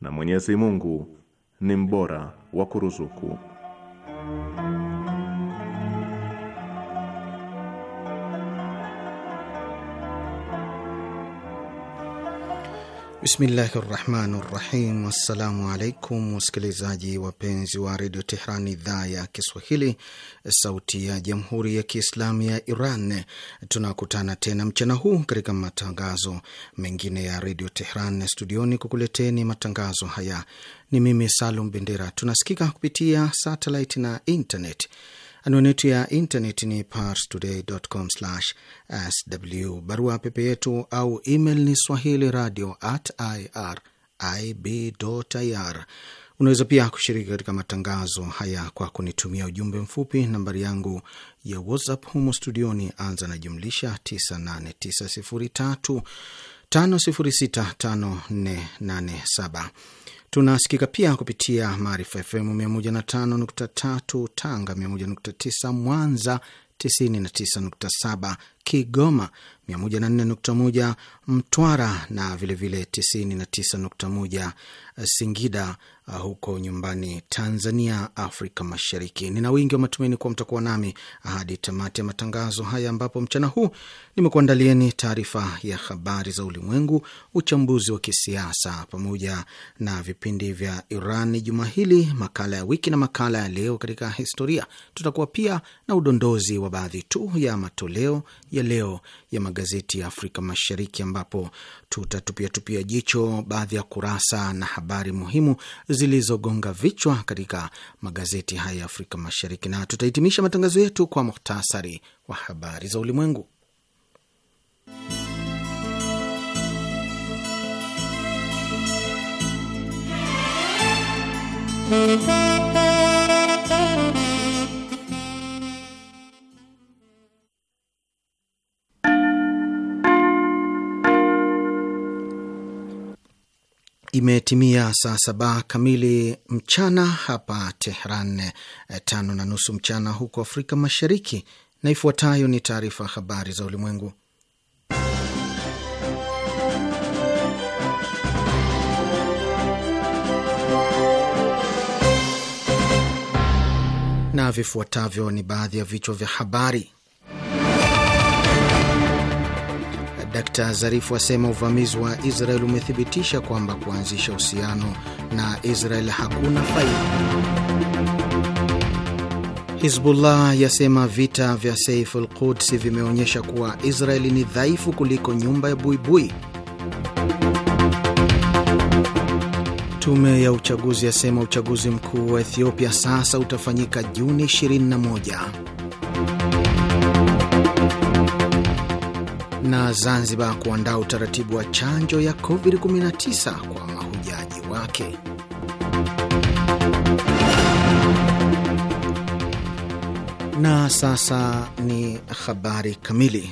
na Mwenyezi Mungu ni mbora wa kuruzuku. Bismillahi rahmani rahim. Assalamu alaikum wasikilizaji wapenzi wa redio Tehran, idhaa ya Kiswahili, sauti ya jamhuri ya kiislamu ya Iran. Tunakutana tena mchana huu katika matangazo mengine ya redio Tehran studioni kukuleteni matangazo haya. Ni mimi Salum Bendera. Tunasikika kupitia satelit na internet. Anwani yetu ya intaneti ni parstoday.com/sw. Barua pepe yetu au email ni swahili radio at irib.ir. Unaweza pia kushiriki katika matangazo haya kwa kunitumia ujumbe mfupi. Nambari yangu ya WhatsApp humo studioni, anza na jumlisha 989035065487. Tunasikika pia kupitia Maarifa FM 105.3 Tanga, 101.9 Mwanza, 99.7 Kigoma, 104.1 Mtwara na vilevile 99.1 Singida uh, huko nyumbani Tanzania, Afrika Mashariki. Nina wingi wa matumaini kuwa mtakuwa nami hadi tamati ya matangazo haya, ambapo mchana huu nimekuandalieni taarifa ya habari za ulimwengu, uchambuzi wa kisiasa, pamoja na vipindi vya Iran juma hili, makala ya wiki na makala ya leo katika historia. Tutakuwa pia na udondozi wa baadhi tu ya matoleo ya leo ya magazeti ya Afrika Mashariki, ambapo tutatupia tupia jicho baadhi ya kurasa na habari muhimu zilizogonga vichwa katika magazeti haya ya Afrika Mashariki, na tutahitimisha matangazo yetu kwa muhtasari wa habari za ulimwengu. Imetimia saa saba kamili mchana hapa Tehran, tano na nusu mchana huko Afrika Mashariki, na ifuatayo ni taarifa habari za ulimwengu. Na vifuatavyo ni baadhi ya vichwa vya habari. Dkt Zarifu asema uvamizi wa Israel umethibitisha kwamba kuanzisha uhusiano na Israel hakuna faida. Hizbullah yasema vita vya Saif al Quds vimeonyesha kuwa Israeli ni dhaifu kuliko nyumba ya buibui. Tume ya uchaguzi yasema uchaguzi mkuu wa Ethiopia sasa utafanyika Juni 21. na Zanzibar kuandaa utaratibu wa chanjo ya COVID-19 kwa mahujaji wake. Na sasa ni habari kamili.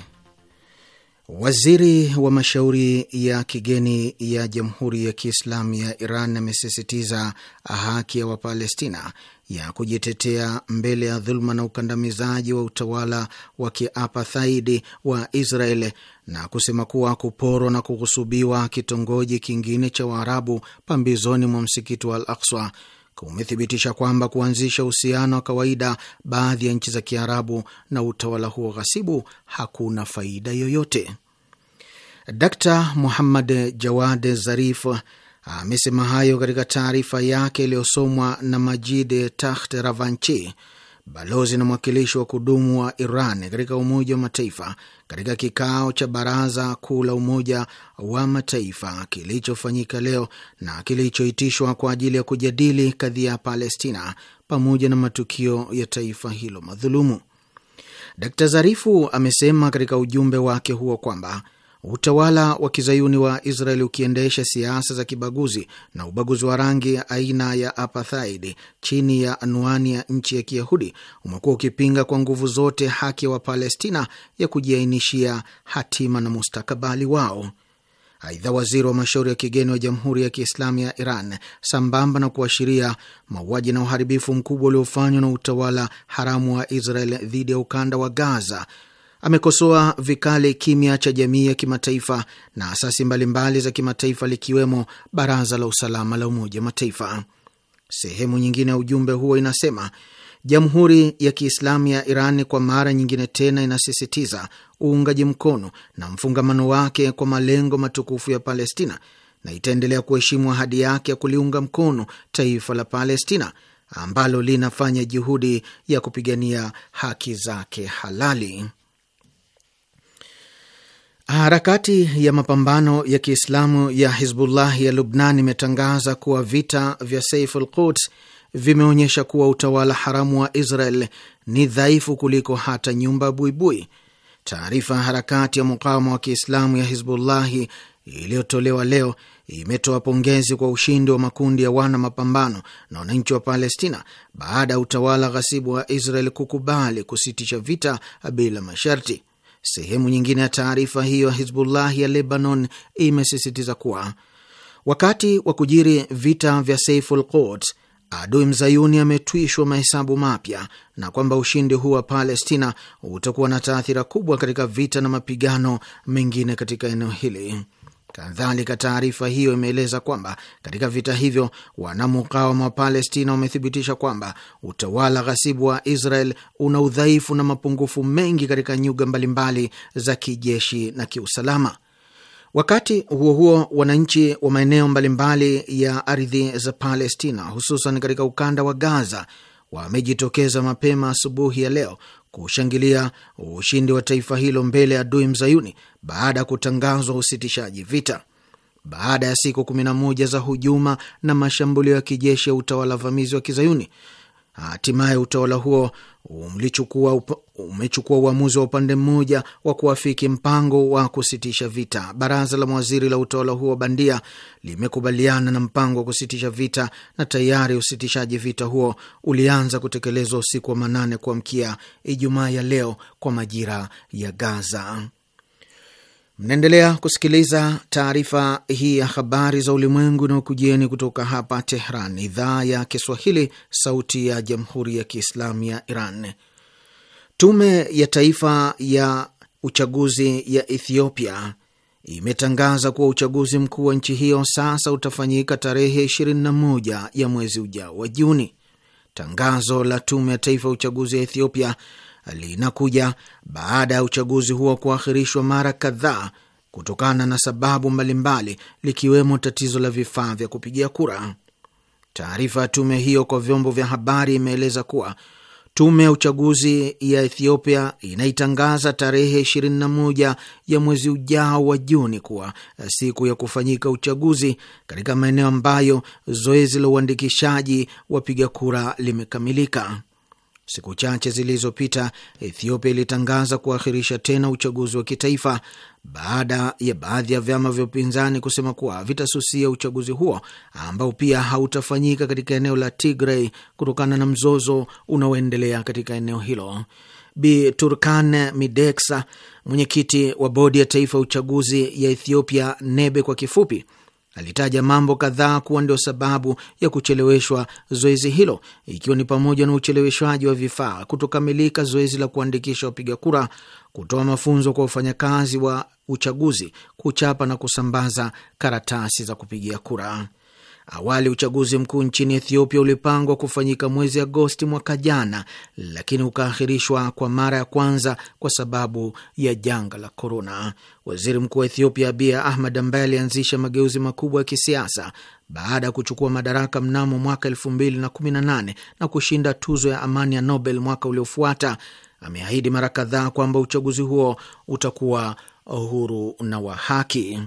Waziri wa mashauri ya kigeni ya Jamhuri ya Kiislamu ya Iran amesisitiza haki ya Wapalestina ya kujitetea mbele ya dhuluma na ukandamizaji wa utawala wa kiapathaidi wa Israel na kusema kuwa kuporwa na kughusubiwa kitongoji kingine cha Waarabu pambizoni mwa msikiti wa Al Akswa kumethibitisha kwamba kuanzisha uhusiano wa kawaida baadhi ya nchi za Kiarabu na utawala huo ghasibu hakuna faida yoyote. Dkt Muhammad Jawad Zarif amesema hayo katika taarifa yake iliyosomwa na Majid taht Ravanchi, balozi na mwakilishi wa kudumu wa Iran katika Umoja wa Mataifa katika kikao cha Baraza Kuu la Umoja wa Mataifa kilichofanyika leo na kilichoitishwa kwa ajili ya kujadili kadhia ya Palestina pamoja na matukio ya taifa hilo madhulumu. Dkt Zarifu amesema katika ujumbe wake huo kwamba Utawala wa kizayuni wa Israeli ukiendesha siasa za kibaguzi na ubaguzi wa rangi aina ya apartheid chini ya anwani ya nchi ya Kiyahudi umekuwa ukipinga kwa nguvu zote haki ya Wapalestina ya kujiainishia hatima na mustakabali wao. Aidha, waziri wa mashauri ya kigeni wa Jamhuri ya Kiislamu ya Iran, sambamba na kuashiria mauaji na uharibifu mkubwa uliofanywa na utawala haramu wa Israel dhidi ya ukanda wa Gaza, amekosoa vikali kimya cha jamii ya kimataifa na asasi mbalimbali za kimataifa likiwemo Baraza la Usalama la Umoja wa Mataifa. Sehemu nyingine ya ujumbe huo inasema Jamhuri ya Kiislamu ya Iran kwa mara nyingine tena inasisitiza uungaji mkono na mfungamano wake kwa malengo matukufu ya Palestina na itaendelea kuheshimu ahadi yake ya kuliunga mkono taifa la Palestina ambalo linafanya juhudi ya kupigania haki zake halali. Harakati ya mapambano ya Kiislamu ya hizbullahi ya Lubnan imetangaza kuwa vita vya Saif al Quds vimeonyesha kuwa utawala haramu wa Israel ni dhaifu kuliko hata nyumba buibui. Taarifa ya harakati ya mukawama wa Kiislamu ya Hizbullahi iliyotolewa leo imetoa pongezi kwa ushindi wa makundi ya wana mapambano na wananchi wa Palestina baada ya utawala ghasibu wa Israel kukubali kusitisha vita bila masharti. Sehemu nyingine ya taarifa hiyo Hizbullah ya Lebanon imesisitiza kuwa wakati wa kujiri vita vya Saiful Quds adui mzayuni ametwishwa mahesabu mapya na kwamba ushindi huu wa Palestina utakuwa na taathira kubwa katika vita na mapigano mengine katika eneo hili. Kadhalika, taarifa hiyo imeeleza kwamba katika vita hivyo wanamukawama wa Palestina wamethibitisha kwamba utawala ghasibu wa Israel una udhaifu na mapungufu mengi katika nyuga mbalimbali za kijeshi na kiusalama. Wakati huo huo, wananchi wa maeneo mbalimbali ya ardhi za Palestina, hususan katika ukanda wa Gaza, wamejitokeza mapema asubuhi ya leo kushangilia ushindi wa taifa hilo mbele ya adui mzayuni baada ya kutangazwa usitishaji vita. Baada ya siku 11 za hujuma na mashambulio ya kijeshi ya utawala vamizi wa kizayuni, Hatimaye utawala huo umlichukua umechukua uamuzi wa upande mmoja wa kuafiki mpango wa kusitisha vita. Baraza la mawaziri la utawala huo bandia limekubaliana na mpango wa kusitisha vita, na tayari usitishaji vita huo ulianza kutekelezwa usiku wa manane kuamkia Ijumaa ya leo kwa majira ya Gaza. Mnaendelea kusikiliza taarifa hii ya habari za ulimwengu na ukujieni kutoka hapa Tehran, idhaa ya Kiswahili, sauti ya jamhuri ya kiislamu ya Iran. Tume ya taifa ya uchaguzi ya Ethiopia imetangaza kuwa uchaguzi mkuu wa nchi hiyo sasa utafanyika tarehe 21 ya mwezi ujao wa Juni. Tangazo la tume ya taifa ya uchaguzi ya Ethiopia linakuja baada ya uchaguzi huo kuahirishwa mara kadhaa kutokana na sababu mbalimbali, likiwemo tatizo la vifaa vya kupigia kura. Taarifa ya tume hiyo kwa vyombo vya habari imeeleza kuwa tume ya uchaguzi ya Ethiopia inaitangaza tarehe 21 ya mwezi ujao wa Juni kuwa siku ya kufanyika uchaguzi katika maeneo ambayo zoezi la uandikishaji wapiga kura limekamilika. Siku chache zilizopita Ethiopia ilitangaza kuahirisha tena uchaguzi wa kitaifa baada ya baadhi ya vyama vya upinzani kusema kuwa vitasusia uchaguzi huo ambao pia hautafanyika katika eneo la Tigray kutokana na mzozo unaoendelea katika eneo hilo. Bi Turkan Mideksa, mwenyekiti wa bodi ya taifa ya uchaguzi ya Ethiopia, NEBE kwa kifupi, alitaja mambo kadhaa kuwa ndio sababu ya kucheleweshwa zoezi hilo, ikiwa ni pamoja na ucheleweshwaji wa vifaa, kutokamilika zoezi la kuandikisha wapiga kura, kutoa mafunzo kwa wafanyakazi wa uchaguzi, kuchapa na kusambaza karatasi za kupigia kura. Awali uchaguzi mkuu nchini Ethiopia ulipangwa kufanyika mwezi Agosti mwaka jana, lakini ukaahirishwa kwa mara ya kwanza kwa sababu ya janga la korona. Waziri mkuu wa Ethiopia Abiy Ahmed, ambaye alianzisha mageuzi makubwa ya kisiasa baada ya kuchukua madaraka mnamo mwaka 2018 na kushinda tuzo ya amani ya Nobel mwaka uliofuata, ameahidi mara kadhaa kwamba uchaguzi huo utakuwa huru na wa haki.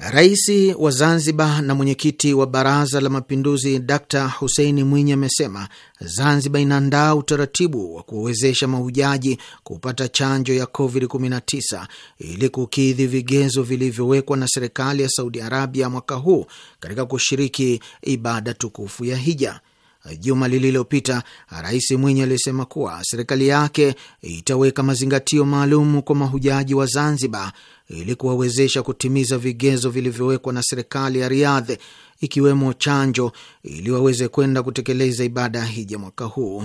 Rais wa Zanzibar na mwenyekiti wa Baraza la Mapinduzi d Huseini Mwinyi amesema Zanzibar inaandaa utaratibu wa kuwezesha mahujaji kupata chanjo ya COVID-19 ili kukidhi vigezo vilivyowekwa na serikali ya Saudi Arabia mwaka huu katika kushiriki ibada tukufu ya hija. Juma lililopita Rais Mwinyi alisema kuwa serikali yake itaweka mazingatio maalum kwa mahujaji wa Zanzibar ili kuwawezesha kutimiza vigezo vilivyowekwa na serikali ya Riadhe, ikiwemo chanjo, ili waweze kwenda kutekeleza ibada ya hija mwaka huu.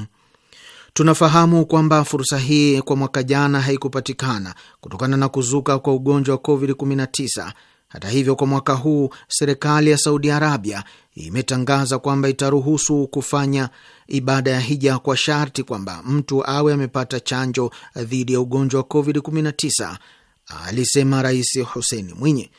Tunafahamu kwamba fursa hii kwa mwaka jana haikupatikana kutokana na kuzuka kwa ugonjwa wa COVID-19. Hata hivyo, kwa mwaka huu serikali ya Saudi Arabia imetangaza kwamba itaruhusu kufanya ibada ya hija kwa sharti kwamba mtu awe amepata chanjo dhidi ya ugonjwa wa COVID-19 alisema Rais huseni Mwinyi.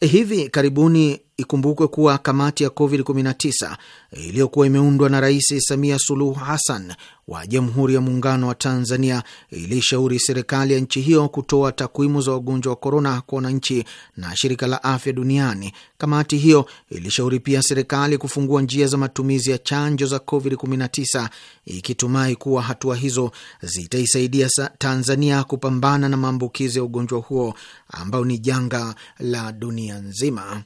Hivi karibuni Ikumbukwe kuwa kamati ya COVID-19 iliyokuwa imeundwa na Rais Samia Suluhu Hassan wa Jamhuri ya Muungano wa Tanzania ilishauri serikali ya nchi hiyo kutoa takwimu za wagonjwa wa korona kwa wananchi na Shirika la Afya Duniani. Kamati hiyo ilishauri pia serikali kufungua njia za matumizi ya chanjo za COVID-19 ikitumai kuwa hatua hizo zitaisaidia Tanzania kupambana na maambukizi ya ugonjwa huo ambao ni janga la dunia nzima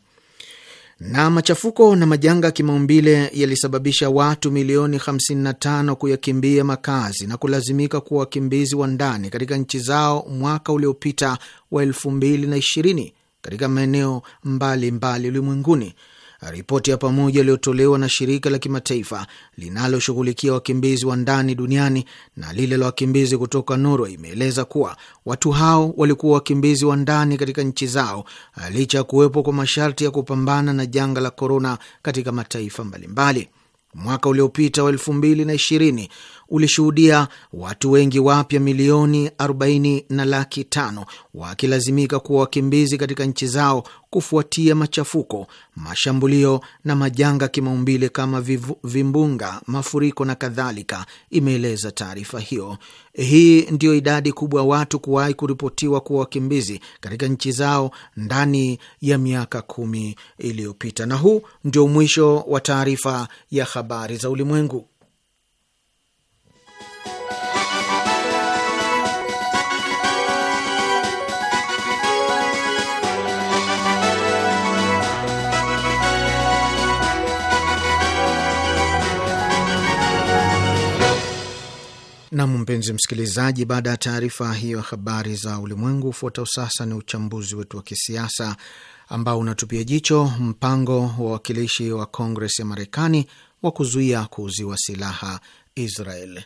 na machafuko na majanga ya kimaumbile yalisababisha watu milioni 55 kuyakimbia makazi na kulazimika kuwa wakimbizi wa ndani katika nchi zao mwaka uliopita wa 2020 katika maeneo mbalimbali ulimwenguni mbali Ripoti ya pamoja iliyotolewa na shirika la kimataifa linaloshughulikia wakimbizi wa ndani duniani na lile la wakimbizi kutoka Norway imeeleza kuwa watu hao walikuwa wakimbizi wa ndani katika nchi zao licha ya kuwepo kwa masharti ya kupambana na janga la korona katika mataifa mbalimbali. Mwaka uliopita wa elfu mbili na ishirini ulishuhudia watu wengi wapya milioni 40 na laki tano wakilazimika kuwa wakimbizi katika nchi zao kufuatia machafuko, mashambulio na majanga kimaumbile kama vivu, vimbunga, mafuriko na kadhalika, imeeleza taarifa hiyo. Hii ndiyo idadi kubwa ya watu kuwahi kuripotiwa kuwa wakimbizi katika nchi zao ndani ya miaka kumi iliyopita. Na huu ndio mwisho wa taarifa ya habari za ulimwengu. Nam, mpenzi msikilizaji, baada ya taarifa hiyo habari za ulimwengu, ufuatao sasa ni uchambuzi wetu wa kisiasa ambao unatupia jicho mpango wa wawakilishi wa Kongres ya Marekani wa kuzuia kuuziwa silaha Israel.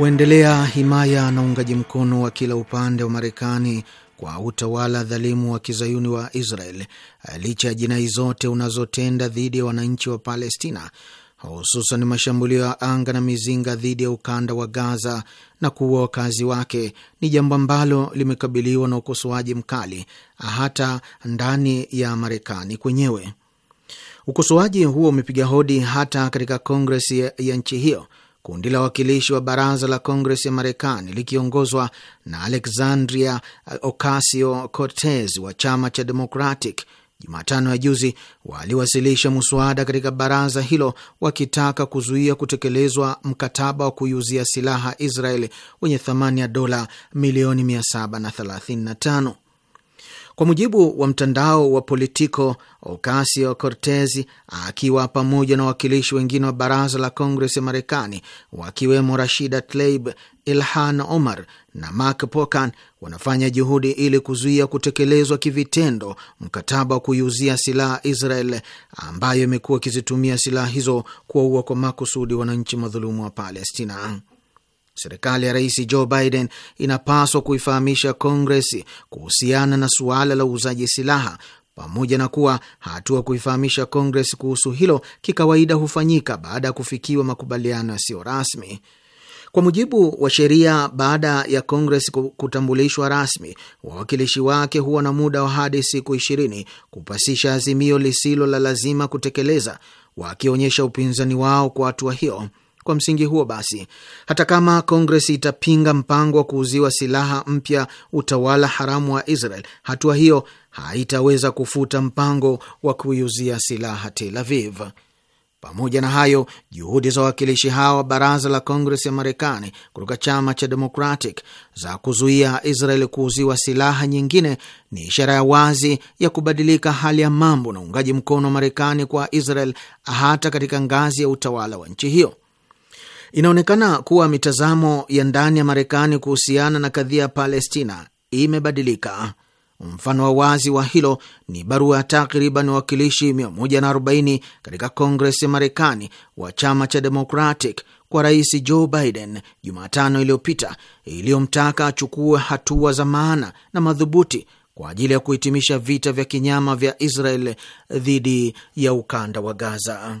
kuendelea himaya na uungaji mkono wa kila upande wa Marekani kwa utawala dhalimu wa kizayuni wa Israel licha ya jinai zote unazotenda dhidi ya wananchi wa Palestina, hususan mashambulio ya anga na mizinga dhidi ya ukanda wa Gaza na kuua wakazi wake, ni jambo ambalo limekabiliwa na ukosoaji mkali hata ndani ya Marekani kwenyewe. Ukosoaji huo umepiga hodi hata katika Kongres ya, ya nchi hiyo Kundi la wakilishi wa baraza la Kongres ya Marekani likiongozwa na Alexandria Ocasio Cortez wa chama cha Democratic Jumatano ya juzi waliwasilisha muswada katika baraza hilo wakitaka kuzuia kutekelezwa mkataba wa kuiuzia silaha Israel wenye thamani ya dola milioni 735. Kwa mujibu wa mtandao wa Politico, Ocasio Cortez akiwa pamoja na wawakilishi wengine wa baraza la Kongres ya Marekani, wakiwemo Rashida Tlaib, Ilhan Omar na Mark Pocan wanafanya juhudi ili kuzuia kutekelezwa kivitendo mkataba wa kuiuzia silaha Israel, ambayo imekuwa ikizitumia silaha hizo kuwaua kwa makusudi wananchi madhulumu wa Palestina serikali ya Rais Joe Biden inapaswa kuifahamisha Kongres kuhusiana na suala la uuzaji silaha pamoja na kuwa hatua kuifahamisha Kongres kuhusu hilo kikawaida hufanyika baada ya kufikiwa makubaliano yasiyo rasmi. Kwa mujibu wa sheria, baada ya Kongres kutambulishwa rasmi, wawakilishi wake huwa na muda wa hadi siku ishirini kupasisha azimio lisilo la lazima kutekeleza, wakionyesha upinzani wao kwa hatua hiyo. Kwa msingi huo basi, hata kama Kongres itapinga mpango wa kuuziwa silaha mpya utawala haramu wa Israel, hatua hiyo haitaweza kufuta mpango wa kuiuzia silaha Tel Aviv. Pamoja na hayo, juhudi za wawakilishi hawa wa baraza la Kongres ya Marekani kutoka chama cha Democratic za kuzuia Israel kuuziwa silaha nyingine ni ishara ya wazi ya kubadilika hali ya mambo na uungaji mkono wa Marekani kwa Israel hata katika ngazi ya utawala wa nchi hiyo. Inaonekana kuwa mitazamo ya ndani ya Marekani kuhusiana na kadhia ya Palestina imebadilika. Mfano wa wazi wa hilo ni barua ya takriban wawakilishi 140 katika Kongres ya Marekani wa chama cha Democratic kwa Rais Joe Biden Jumatano iliyopita iliyomtaka achukue hatua za maana na madhubuti kwa ajili ya kuhitimisha vita vya kinyama vya Israel dhidi ya ukanda wa Gaza.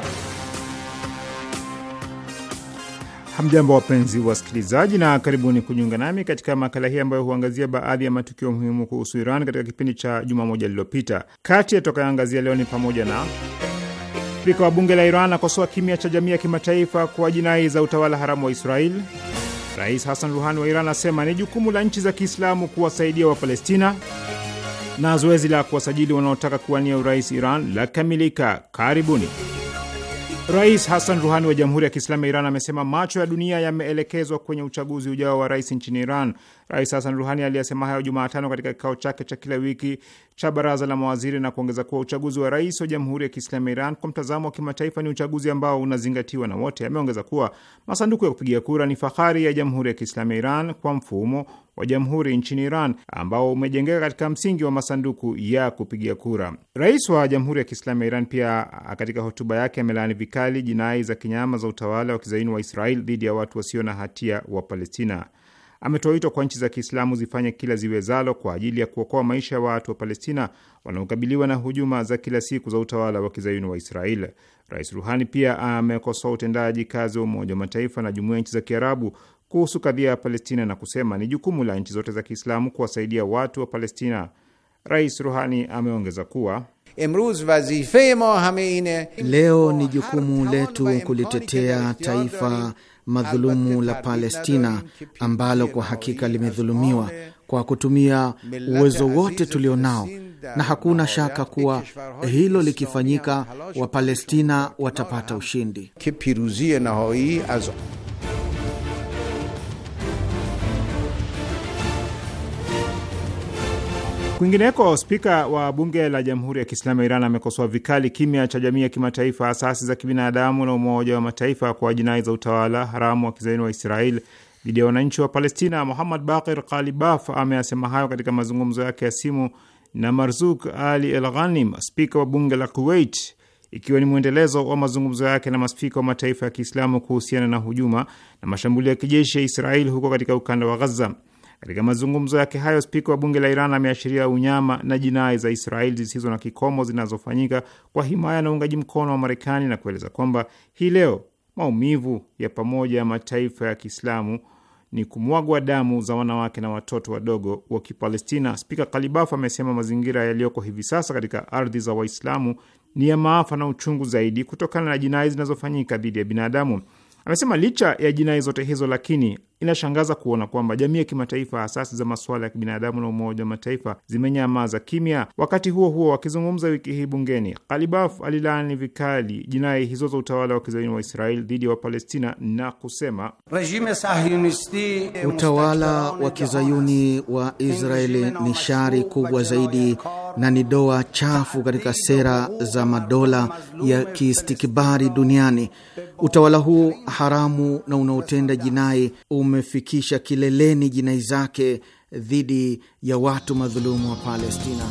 Hamjambo, wapenzi wasikilizaji, na karibuni kujiunga nami katika makala hii ambayo huangazia baadhi ya matukio muhimu kuhusu Iran katika kipindi cha juma moja lililopita. Kati ya leo ni pamoja na spika wa bunge la Iran akosoa kimya cha jamii ya kimataifa kwa jinai za utawala haramu wa Israeli. Rais Hassan Ruhani wa Iran asema ni jukumu la nchi za Kiislamu kuwasaidia Wapalestina, na zoezi la kuwasajili wanaotaka kuwania urais Iran kamilika. Karibuni. Rais Hassan Ruhani wa Jamhuri ya Kiislamu ya Iran amesema macho ya dunia yameelekezwa kwenye uchaguzi ujao wa rais nchini Iran Rais Hasan Ruhani aliyesema hayo Jumatano katika kikao chake cha kila wiki cha baraza la mawaziri na kuongeza kuwa uchaguzi wa rais wa Jamhuri ya Kiislamu ya Iran kwa mtazamo wa kimataifa ni uchaguzi ambao unazingatiwa na wote. Ameongeza kuwa masanduku ya kupigia kura ni fahari ya Jamhuri ya Kiislamu ya Iran kwa mfumo wa jamhuri nchini Iran ambao umejengeka katika msingi wa masanduku ya kupigia kura. Rais wa Jamhuri ya Kiislamu ya Iran pia katika hotuba yake amelaani vikali jinai za kinyama za utawala wa kizaini wa Israel dhidi ya watu wasio na hatia wa Palestina ametoa wito kwa nchi za Kiislamu zifanye kila ziwezalo kwa ajili ya kuokoa maisha ya watu wa Palestina wanaokabiliwa na hujuma za kila siku za utawala wa kizayuni wa israel Rais Ruhani pia amekosoa utendaji kazi wa Umoja wa Mataifa na Jumuiya ya Nchi za Kiarabu kuhusu kadhia ya Palestina na kusema ni jukumu la nchi zote za Kiislamu kuwasaidia watu wa Palestina. Rais Ruhani ameongeza kuwa leo ni jukumu letu kulitetea taifa madhulumu la Palestina ambalo kwa hakika limedhulumiwa kwa kutumia uwezo wote tulionao, na hakuna shaka kuwa hilo likifanyika, Wapalestina watapata ushindi. Kwingineko, spika wa bunge la Jamhuri ya Kiislamu ya Iran amekosoa vikali kimya cha jamii ya kimataifa, asasi za kibinadamu na Umoja wa Mataifa kwa jinai za utawala haramu wa kizaini wa Israel dhidi ya wananchi wa Palestina. Muhammad Bakir Kalibaf ameyasema hayo katika mazungumzo yake ya simu na Marzuk Ali El Ghanim, spika wa bunge la Kuwait, ikiwa ni mwendelezo wa mazungumzo yake na maspika wa mataifa ya Kiislamu kuhusiana na hujuma na mashambulio ya kijeshi ya Israel huko katika ukanda wa Ghaza. Katika mazungumzo yake hayo, spika wa bunge la Iran ameashiria unyama na jinai za Israeli zisizo na kikomo zinazofanyika kwa himaya na uungaji mkono wa Marekani na kueleza kwamba hii leo maumivu ya pamoja ya mataifa ya Kiislamu ni kumwagwa damu za wanawake na watoto wadogo wa Kipalestina. Spika Kalibaf amesema mazingira yaliyoko hivi sasa katika ardhi za Waislamu ni ya maafa na uchungu zaidi kutokana na jinai zinazofanyika dhidi ya binadamu. Amesema licha ya jinai zote hizo, lakini Inashangaza kuona kwamba jamii ya kimataifa, asasi za masuala ya kibinadamu na Umoja wa Mataifa zimenyamaza kimya. Wakati huo huo, wakizungumza wiki hii bungeni, Kalibaf alilaani vikali jinai hizo za utawala wa kizayuni wa Israeli dhidi ya Wapalestina na kusema eh, utawala wa kizayuni wa Israeli ni shari kubwa zaidi na ni doa chafu eh, katika sera za madola ya eh, kiistikibari duniani. Utawala huu haramu na unaotenda jinai ume umefikisha kileleni jinai zake dhidi ya watu madhulumu wa Palestina.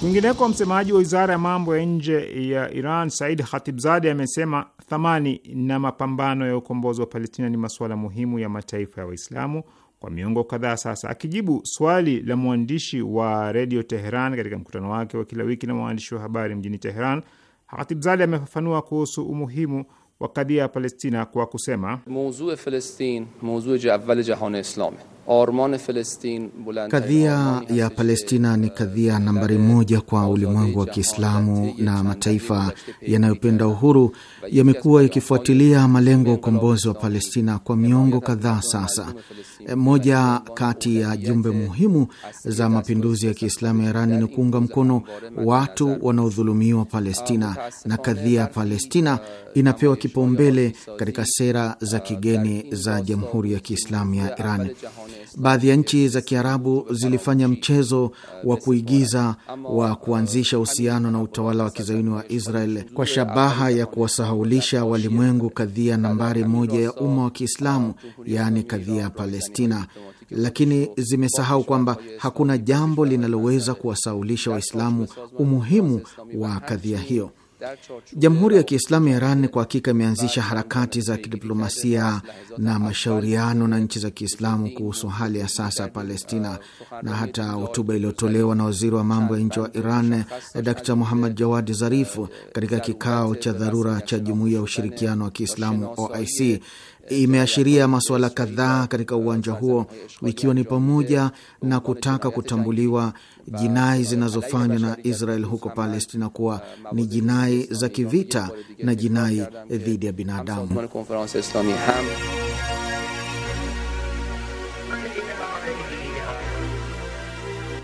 Kwingineko, msemaji wa wizara ya mambo ya nje ya Iran Said Khatibzadeh amesema thamani na mapambano ya ukombozi wa Palestina ni masuala muhimu ya mataifa ya Waislamu kwa miongo kadhaa sasa. Akijibu swali la mwandishi wa redio Teheran katika mkutano wake wa kila wiki na waandishi wa habari mjini Teheran, Khatibzadeh amefafanua kuhusu umuhimu wa kadhia ya Palestina kwa kusema awal jahan islami Kadhia ya Palestina ni kadhia nambari moja kwa ulimwengu wa Kiislamu, na mataifa yanayopenda uhuru yamekuwa yakifuatilia malengo ya ukombozi wa Palestina kwa miongo kadhaa sasa. E, moja kati ya jumbe muhimu za mapinduzi ya Kiislamu ya Irani ni kuunga mkono watu wanaodhulumiwa Palestina, na kadhia ya Palestina uh, inapewa kipaumbele katika sera za uh, kigeni za Jamhuri ya Kiislamu ya Irani baadhi ya nchi za Kiarabu zilifanya mchezo wa kuigiza wa kuanzisha uhusiano na utawala wa kizayuni wa Israel kwa shabaha ya kuwasahaulisha walimwengu kadhia nambari moja ya umma wa Kiislamu, yaani kadhia ya Palestina, lakini zimesahau kwamba hakuna jambo linaloweza kuwasahaulisha Waislamu umuhimu wa kadhia hiyo. Jamhuri ya Kiislamu ya Iran kwa hakika imeanzisha harakati za kidiplomasia na mashauriano na nchi za Kiislamu kuhusu hali ya sasa ya Palestina, na hata hotuba iliyotolewa na waziri wa mambo ya nje wa Iran Dr Muhammad Jawadi Zarifu katika kikao cha dharura cha Jumuiya ya Ushirikiano wa Kiislamu OIC imeashiria masuala kadhaa katika uwanja huo ikiwa ni pamoja na kutaka kutambuliwa jinai zinazofanywa na Israel huko Palestina kuwa ni jinai za kivita na jinai dhidi ya binadamu.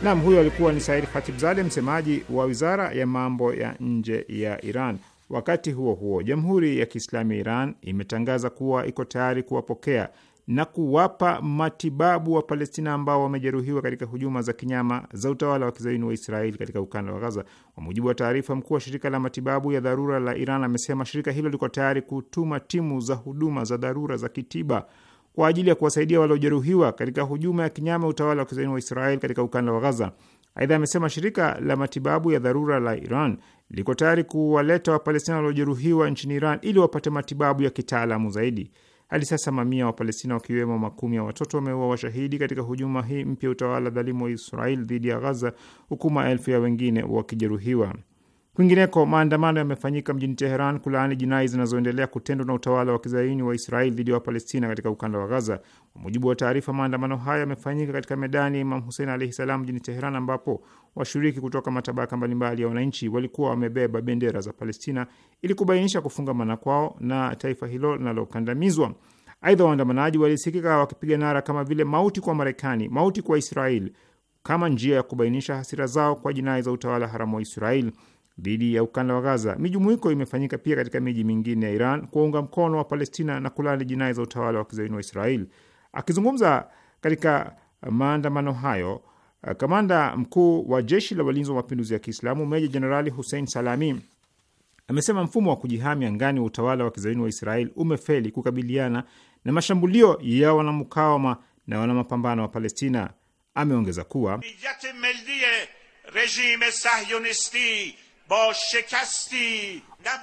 Nam, huyo alikuwa ni Said Khatibzadeh, msemaji wa wizara ya mambo ya nje ya Iran. Wakati huo huo, Jamhuri ya Kiislamu ya Iran imetangaza kuwa iko tayari kuwapokea na kuwapa matibabu wa Palestina ambao wamejeruhiwa katika hujuma za kinyama za utawala wa kizayuni wa Israeli katika ukanda wa Gaza. Kwa mujibu wa taarifa, mkuu wa shirika la matibabu ya dharura la Iran amesema shirika hilo liko tayari kutuma timu za huduma za dharura za kitiba kwa ajili ya kuwasaidia waliojeruhiwa katika hujuma ya kinyama ya utawala wa kizayuni wa Israeli katika ukanda wa Gaza. Aidha, amesema shirika la matibabu ya dharura la Iran liko tayari kuwaleta Wapalestina waliojeruhiwa nchini Iran ili wapate matibabu ya kitaalamu zaidi. Hadi sasa mamia wa Palestina wakiwemo makumi ya watoto wameua washahidi katika hujuma hii mpya utawala dhalimu wa Israel dhidi ya Ghaza, huku maelfu ya wengine wakijeruhiwa. Kwingineko, maandamano yamefanyika mjini Teheran kulaani jinai zinazoendelea kutendwa na utawala wa kizaini wa Israeli dhidi ya Wapalestina katika ukanda wa Gaza. Kwa mujibu wa taarifa, maandamano hayo yamefanyika katika medani Imam Husein alaihi salam mjini Teheran, ambapo washiriki kutoka matabaka mbalimbali ya wananchi walikuwa wamebeba bendera za Palestina ili kubainisha kufungamana kwao na taifa hilo linalokandamizwa. Aidha, waandamanaji walisikika wakipiga nara kama vile mauti kwa Marekani, mauti kwa Israeli, kama njia ya kubainisha hasira zao kwa jinai za utawala haramu wa Israeli dhidi ya ukanda wa Gaza. Mijumuiko imefanyika pia katika miji mingine ya Iran kuwaunga mkono wa Palestina na kulani jinai za utawala wa kizayuni wa Israel. Akizungumza katika maandamano hayo, kamanda mkuu wa jeshi la walinzi wa mapinduzi ya Kiislamu meja jenerali Hussein Salami amesema mfumo wa kujihami angani wa utawala wa kizayuni wa Israel umefeli kukabiliana na mashambulio ya wanamukawama na wanamapambano wa Palestina. Ameongeza kuwa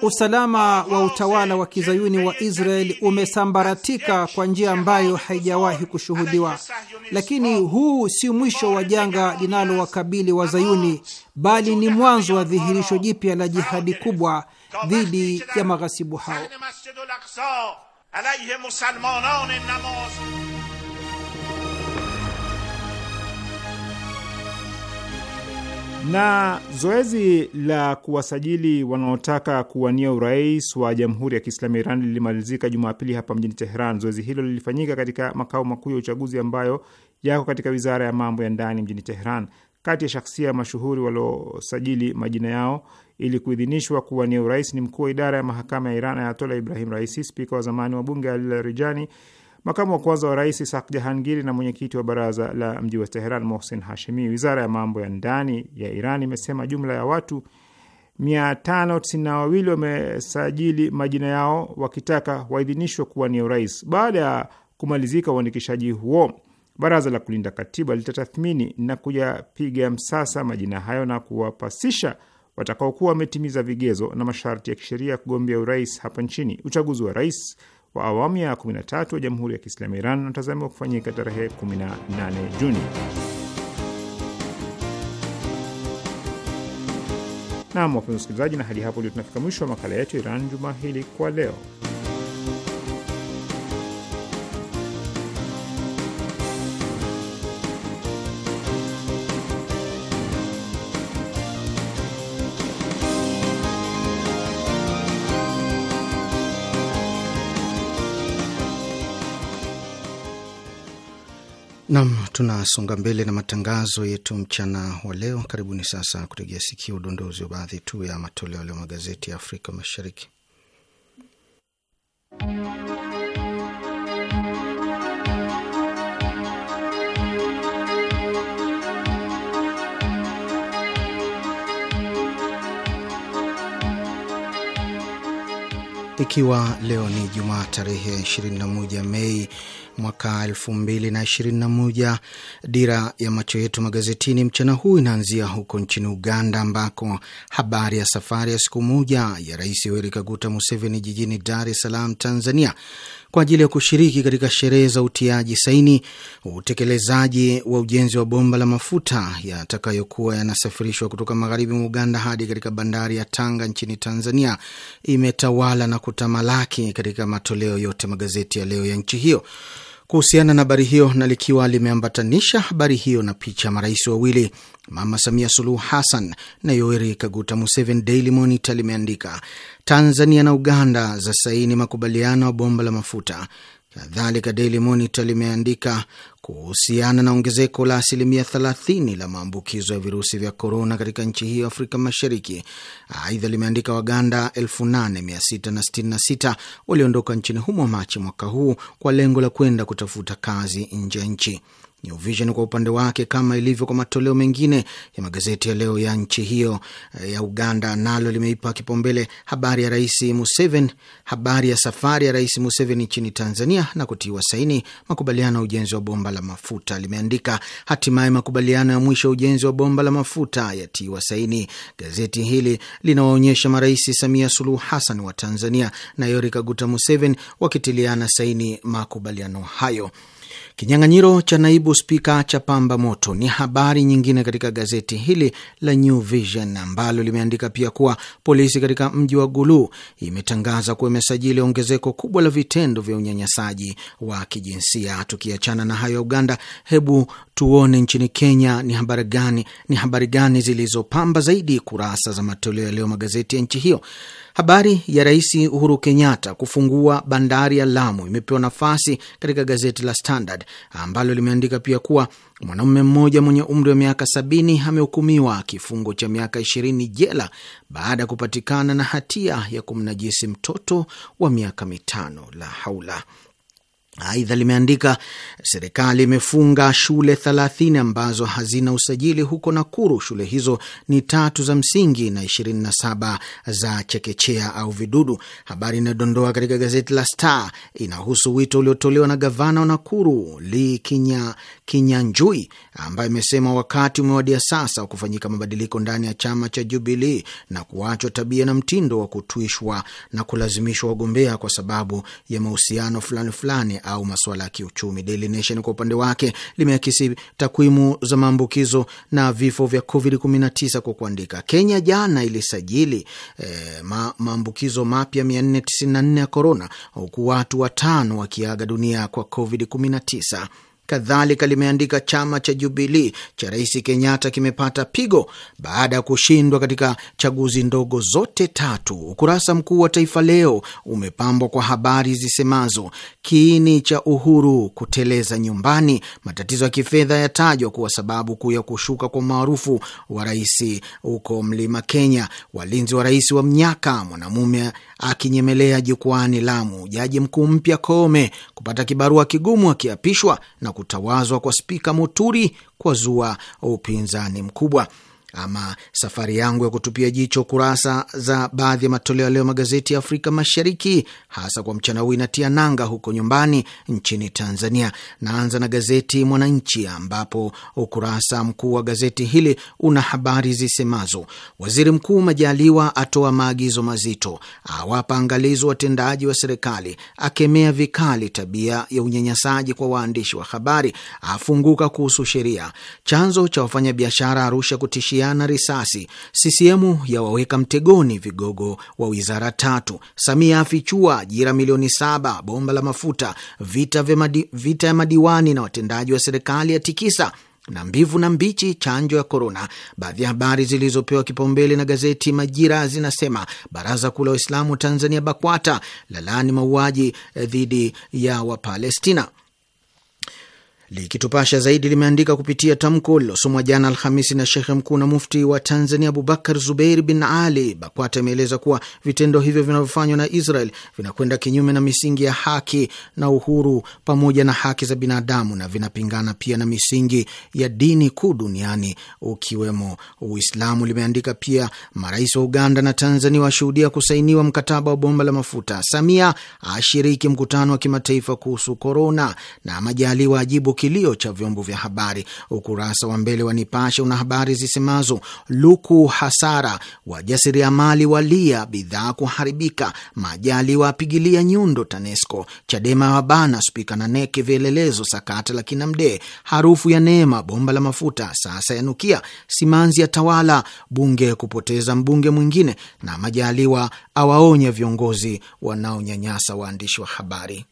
Usalama wa utawala wa kizayuni wa Israel umesambaratika kwa njia ambayo haijawahi kushuhudiwa, lakini huu si mwisho wa janga linalowakabili wazayuni, bali ni mwanzo wa dhihirisho jipya la jihadi kubwa dhidi ya maghasibu hao. na zoezi la kuwasajili wanaotaka kuwania urais wa Jamhuri ya Kiislamu ya Iran lilimalizika Jumapili hapa mjini Teheran. Zoezi hilo lilifanyika katika makao makuu ya uchaguzi ambayo yako katika wizara ya mambo ya ndani mjini Teheran. Kati ya shakhsia mashuhuri waliosajili majina yao ili kuidhinishwa kuwania urais ni mkuu wa idara ya mahakama ya Iran Ayatola Ibrahim Raisi, spika wa zamani wa bunge Alila Rijani, makamu wa kwanza wa rais Isaq Jahangiri na mwenyekiti wa baraza la mji wa Teheran Mohsen Hashimi. Wizara ya mambo ya ndani ya Iran imesema jumla ya watu 592 wamesajili majina yao wakitaka waidhinishwe kuwania urais. Baada ya kumalizika uandikishaji huo, baraza la kulinda katiba litatathmini na kuyapiga msasa majina hayo na kuwapasisha watakaokuwa wametimiza vigezo na masharti ya kisheria kugombea urais hapa nchini. Uchaguzi wa rais wa awamu ya 13 wa Jamhuri ya Kiislamu ya Iran unatazamiwa kufanyika tarehe 18 Juni. Nam, wapenzi wasikilizaji, na hadi hapo ndio tunafika mwisho wa makala yetu Iran juma hili kwa leo. Nam, tunasonga mbele na matangazo yetu mchana wa leo. Karibuni sasa kutegea sikio udondozi wa baadhi tu ya matoleo leo magazeti ya Afrika Mashariki. Ikiwa leo ni Jumaa tarehe 21 Mei mwaka 2021. Dira ya macho yetu magazetini mchana huu inaanzia huko nchini Uganda, ambako habari ya safari ya siku moja ya Rais Yoweri Kaguta Museveni jijini Dar es Salaam, Tanzania kwa ajili ya kushiriki katika sherehe za utiaji saini utekelezaji wa ujenzi wa bomba la mafuta yatakayokuwa yanasafirishwa kutoka magharibi mwa Uganda hadi katika bandari ya Tanga nchini Tanzania imetawala na kutamalaki katika matoleo yote magazeti ya leo ya nchi hiyo kuhusiana na habari hiyo, na likiwa limeambatanisha habari hiyo na picha marais wawili Mama Samia Suluhu Hassan na Yoweri Kaguta Museveni, Daily Monitor limeandika Tanzania na Uganda za saini makubaliano ya bomba la mafuta. Kadhalika, Daily Monitor limeandika kuhusiana na ongezeko la asilimia 30 la maambukizo ya virusi vya korona katika nchi hiyo Afrika Mashariki. Aidha, limeandika Waganda 8666 waliondoka nchini humo Machi mwaka huu kwa lengo la kwenda kutafuta kazi nje ya nchi. New Vision kwa upande wake, kama ilivyo kwa matoleo mengine ya magazeti ya leo ya nchi hiyo eh, ya Uganda, nalo limeipa kipaumbele habari ya Rais Museveni, habari ya safari ya Rais Museveni nchini Tanzania na kutiwa saini makubaliano ya ujenzi wa bomba la mafuta. Limeandika hatimaye makubaliano ya mwisho ya ujenzi wa bomba la mafuta yatiwa saini. Gazeti hili linawaonyesha marais Samia Suluhu Hassan wa Tanzania na Yoweri Kaguta Museveni wakitiliana saini makubaliano hayo. Kinyang'anyiro cha naibu spika cha pamba moto ni habari nyingine katika gazeti hili la New Vision ambalo limeandika pia kuwa polisi katika mji wa Gulu imetangaza kuwa imesajili ongezeko kubwa la vitendo vya unyanyasaji wa kijinsia. Tukiachana na hayo ya Uganda, hebu tuone nchini Kenya ni habari gani, ni habari gani zilizopamba zaidi kurasa za matoleo ya leo magazeti ya nchi hiyo. Habari ya Rais Uhuru Kenyatta kufungua bandari ya Lamu imepewa nafasi katika gazeti la Standard ambalo limeandika pia kuwa mwanaume mmoja mwenye umri wa miaka sabini amehukumiwa kifungo cha miaka ishirini jela baada ya kupatikana na hatia ya kumnajisi mtoto wa miaka mitano. La haula! Aidha limeandika serikali imefunga shule thelathini ambazo hazina usajili huko Nakuru. Shule hizo ni tatu za msingi na 27 za chekechea au vidudu. Habari inayodondoa katika gazeti la Star inahusu wito uliotolewa na gavana wa Nakuru Lee Kinya, Kinyanjui ambaye amesema wakati umewadia sasa wa kufanyika mabadiliko ndani ya chama cha Jubilee na kuachwa tabia na mtindo wa kutwishwa na kulazimishwa wagombea kwa sababu ya mahusiano fulani fulani au masuala ya kiuchumi. Daily Nation kwa upande wake limeakisi takwimu za maambukizo na vifo vya COVID-19 kwa kuandika, Kenya jana ilisajili eh, ma, maambukizo mapya 494 ya korona, huku watu watano wakiaga dunia kwa COVID-19. Kadhalika limeandika chama cha Jubilii cha Rais Kenyatta kimepata pigo baada ya kushindwa katika chaguzi ndogo zote tatu. Ukurasa mkuu wa Taifa Leo umepambwa kwa habari zisemazo kiini cha Uhuru kuteleza nyumbani, matatizo ya kifedha yatajwa kuwa sababu kuu ya kushuka kwa umaarufu wa rais huko Mlima Kenya, walinzi wa rais wa mnyaka mwanamume akinyemelea jukwani Lamu, jaji mkuu mpya Koome kupata kibarua kigumu akiapishwa na kutawazwa kwa spika Muturi kwa zua upinzani mkubwa. Ama safari yangu ya kutupia jicho kurasa za baadhi ya matoleo leo magazeti ya Afrika Mashariki, hasa kwa mchana huu, inatia nanga huko nyumbani nchini Tanzania. Naanza na gazeti Mwananchi, ambapo ukurasa mkuu wa gazeti hili una habari zisemazo: Waziri Mkuu Majaliwa atoa maagizo mazito, awapa angalizo watendaji wa serikali, akemea vikali tabia ya unyanyasaji kwa waandishi wa habari, afunguka kuhusu sheria. Chanzo cha wafanyabiashara Arusha kutishia kufiatuliana risasi, CCM yawaweka mtegoni vigogo wa wizara tatu, Samia afichua ajira milioni saba, bomba la mafuta, vita, madi, vita ya madiwani na watendaji wa serikali ya tikisa na mbivu na mbichi chanjo ya korona. Baadhi ya habari zilizopewa kipaumbele na gazeti Majira zinasema baraza kuu la Waislamu Tanzania BAKWATA lalani mauaji eh, dhidi ya Wapalestina likitupasha zaidi limeandika kupitia tamko lilosomwa jana Alhamisi na shekhe mkuu na mufti wa Tanzania Abubakar Zubeir bin Ali BAKWATA ameeleza kuwa vitendo hivyo vinavyofanywa na Israel vinakwenda kinyume na misingi ya haki na uhuru pamoja na haki za binadamu na vinapingana pia na misingi ya dini kuu duniani ukiwemo Uislamu. Limeandika pia marais wa Uganda na Tanzania washuhudia kusainiwa mkataba wa bomba la mafuta, Samia ashiriki mkutano wa kimataifa kuhusu korona, na Majaliwa ajibu kilio cha vyombo vya habari. Ukurasa wa mbele wa Nipashe una habari zisemazo luku hasara, wajasiriamali walia, bidhaa kuharibika, majali wapigilia nyundo TANESCO, Chadema wabana spika na neke vielelezo, sakata la kinamdee, harufu ya neema, bomba la mafuta sasa yanukia, simanzi ya tawala, bunge kupoteza mbunge mwingine, na majaliwa awaonya viongozi wanaonyanyasa waandishi wa habari.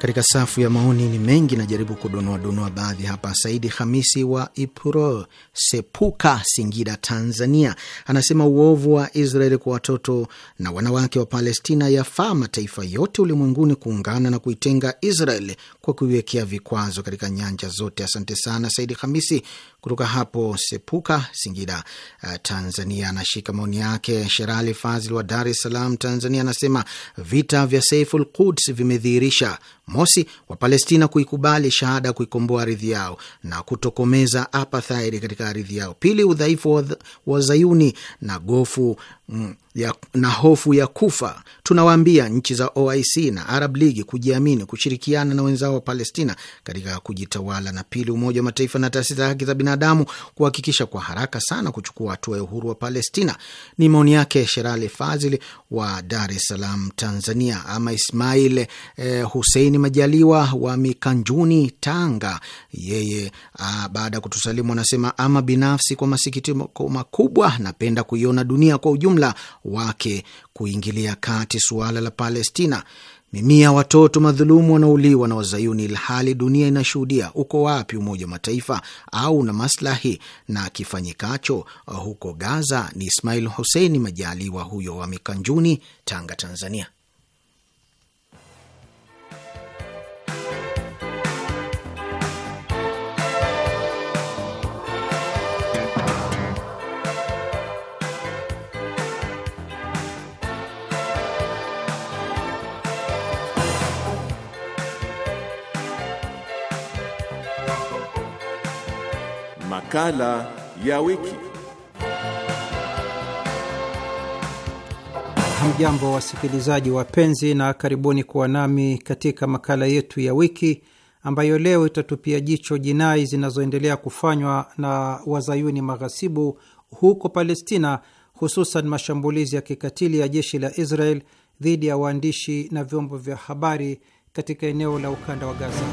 Katika safu ya maoni ni mengi, najaribu donoa baadhi hapa. Saidi Hamisi wa Ipro Sepuka, Singida, Tanzania, anasema uovu wa Israeli kwa watoto na wanawake wa Palestina yafaa mataifa yote ulimwenguni kuungana na kuitenga Israeli kwa kuiwekea vikwazo katika nyanja zote. Asante sana Saidi Hamisi kutoka hapo Sepuka, Singida, uh, Tanzania. Anashika maoni yake Sherali Fazil wa Dar es Salaam, Tanzania, anasema vita vya Saiful Quds vimedhihirisha mosi, wa Palestina kuikubali shahada ya kuikomboa ardhi yao na kutokomeza apathaidi katika ardhi yao; pili, udhaifu wa zayuni na gofu mm, ya, na hofu ya kufa, tunawaambia nchi za OIC na Arab League kujiamini, kushirikiana na wenzao wa Palestina katika kujitawala, na pili, Umoja wa Mataifa na taasisi za haki za binadamu kuhakikisha kwa haraka sana kuchukua hatua ya uhuru wa Palestina. Ni maoni yake Sherali Fazil wa Dar es Salaam, Tanzania. Ama Ismail eh, Huseini Majaliwa wa Mikanjuni, Tanga, yeye ah, baada ya kutusalimu anasema, ama binafsi, kwa masikitiko makubwa napenda kuiona dunia kwa ujumla wake kuingilia kati suala la Palestina. Mimia watoto madhulumu wanauliwa na Wazayuni ilhali dunia inashuhudia. Uko wapi Umoja wa Mataifa au na maslahi na kifanyikacho huko Gaza? Ni Ismail Huseini Majaliwa huyo wa Mikanjuni, Tanga, Tanzania. makala ya wiki. Hamjambo wasikilizaji wapenzi, na karibuni kuwa nami katika makala yetu ya wiki ambayo leo itatupia jicho jinai zinazoendelea kufanywa na wazayuni maghasibu huko Palestina, hususan mashambulizi ya kikatili ya jeshi la Israel dhidi ya waandishi na vyombo vya habari katika eneo la ukanda wa Gaza.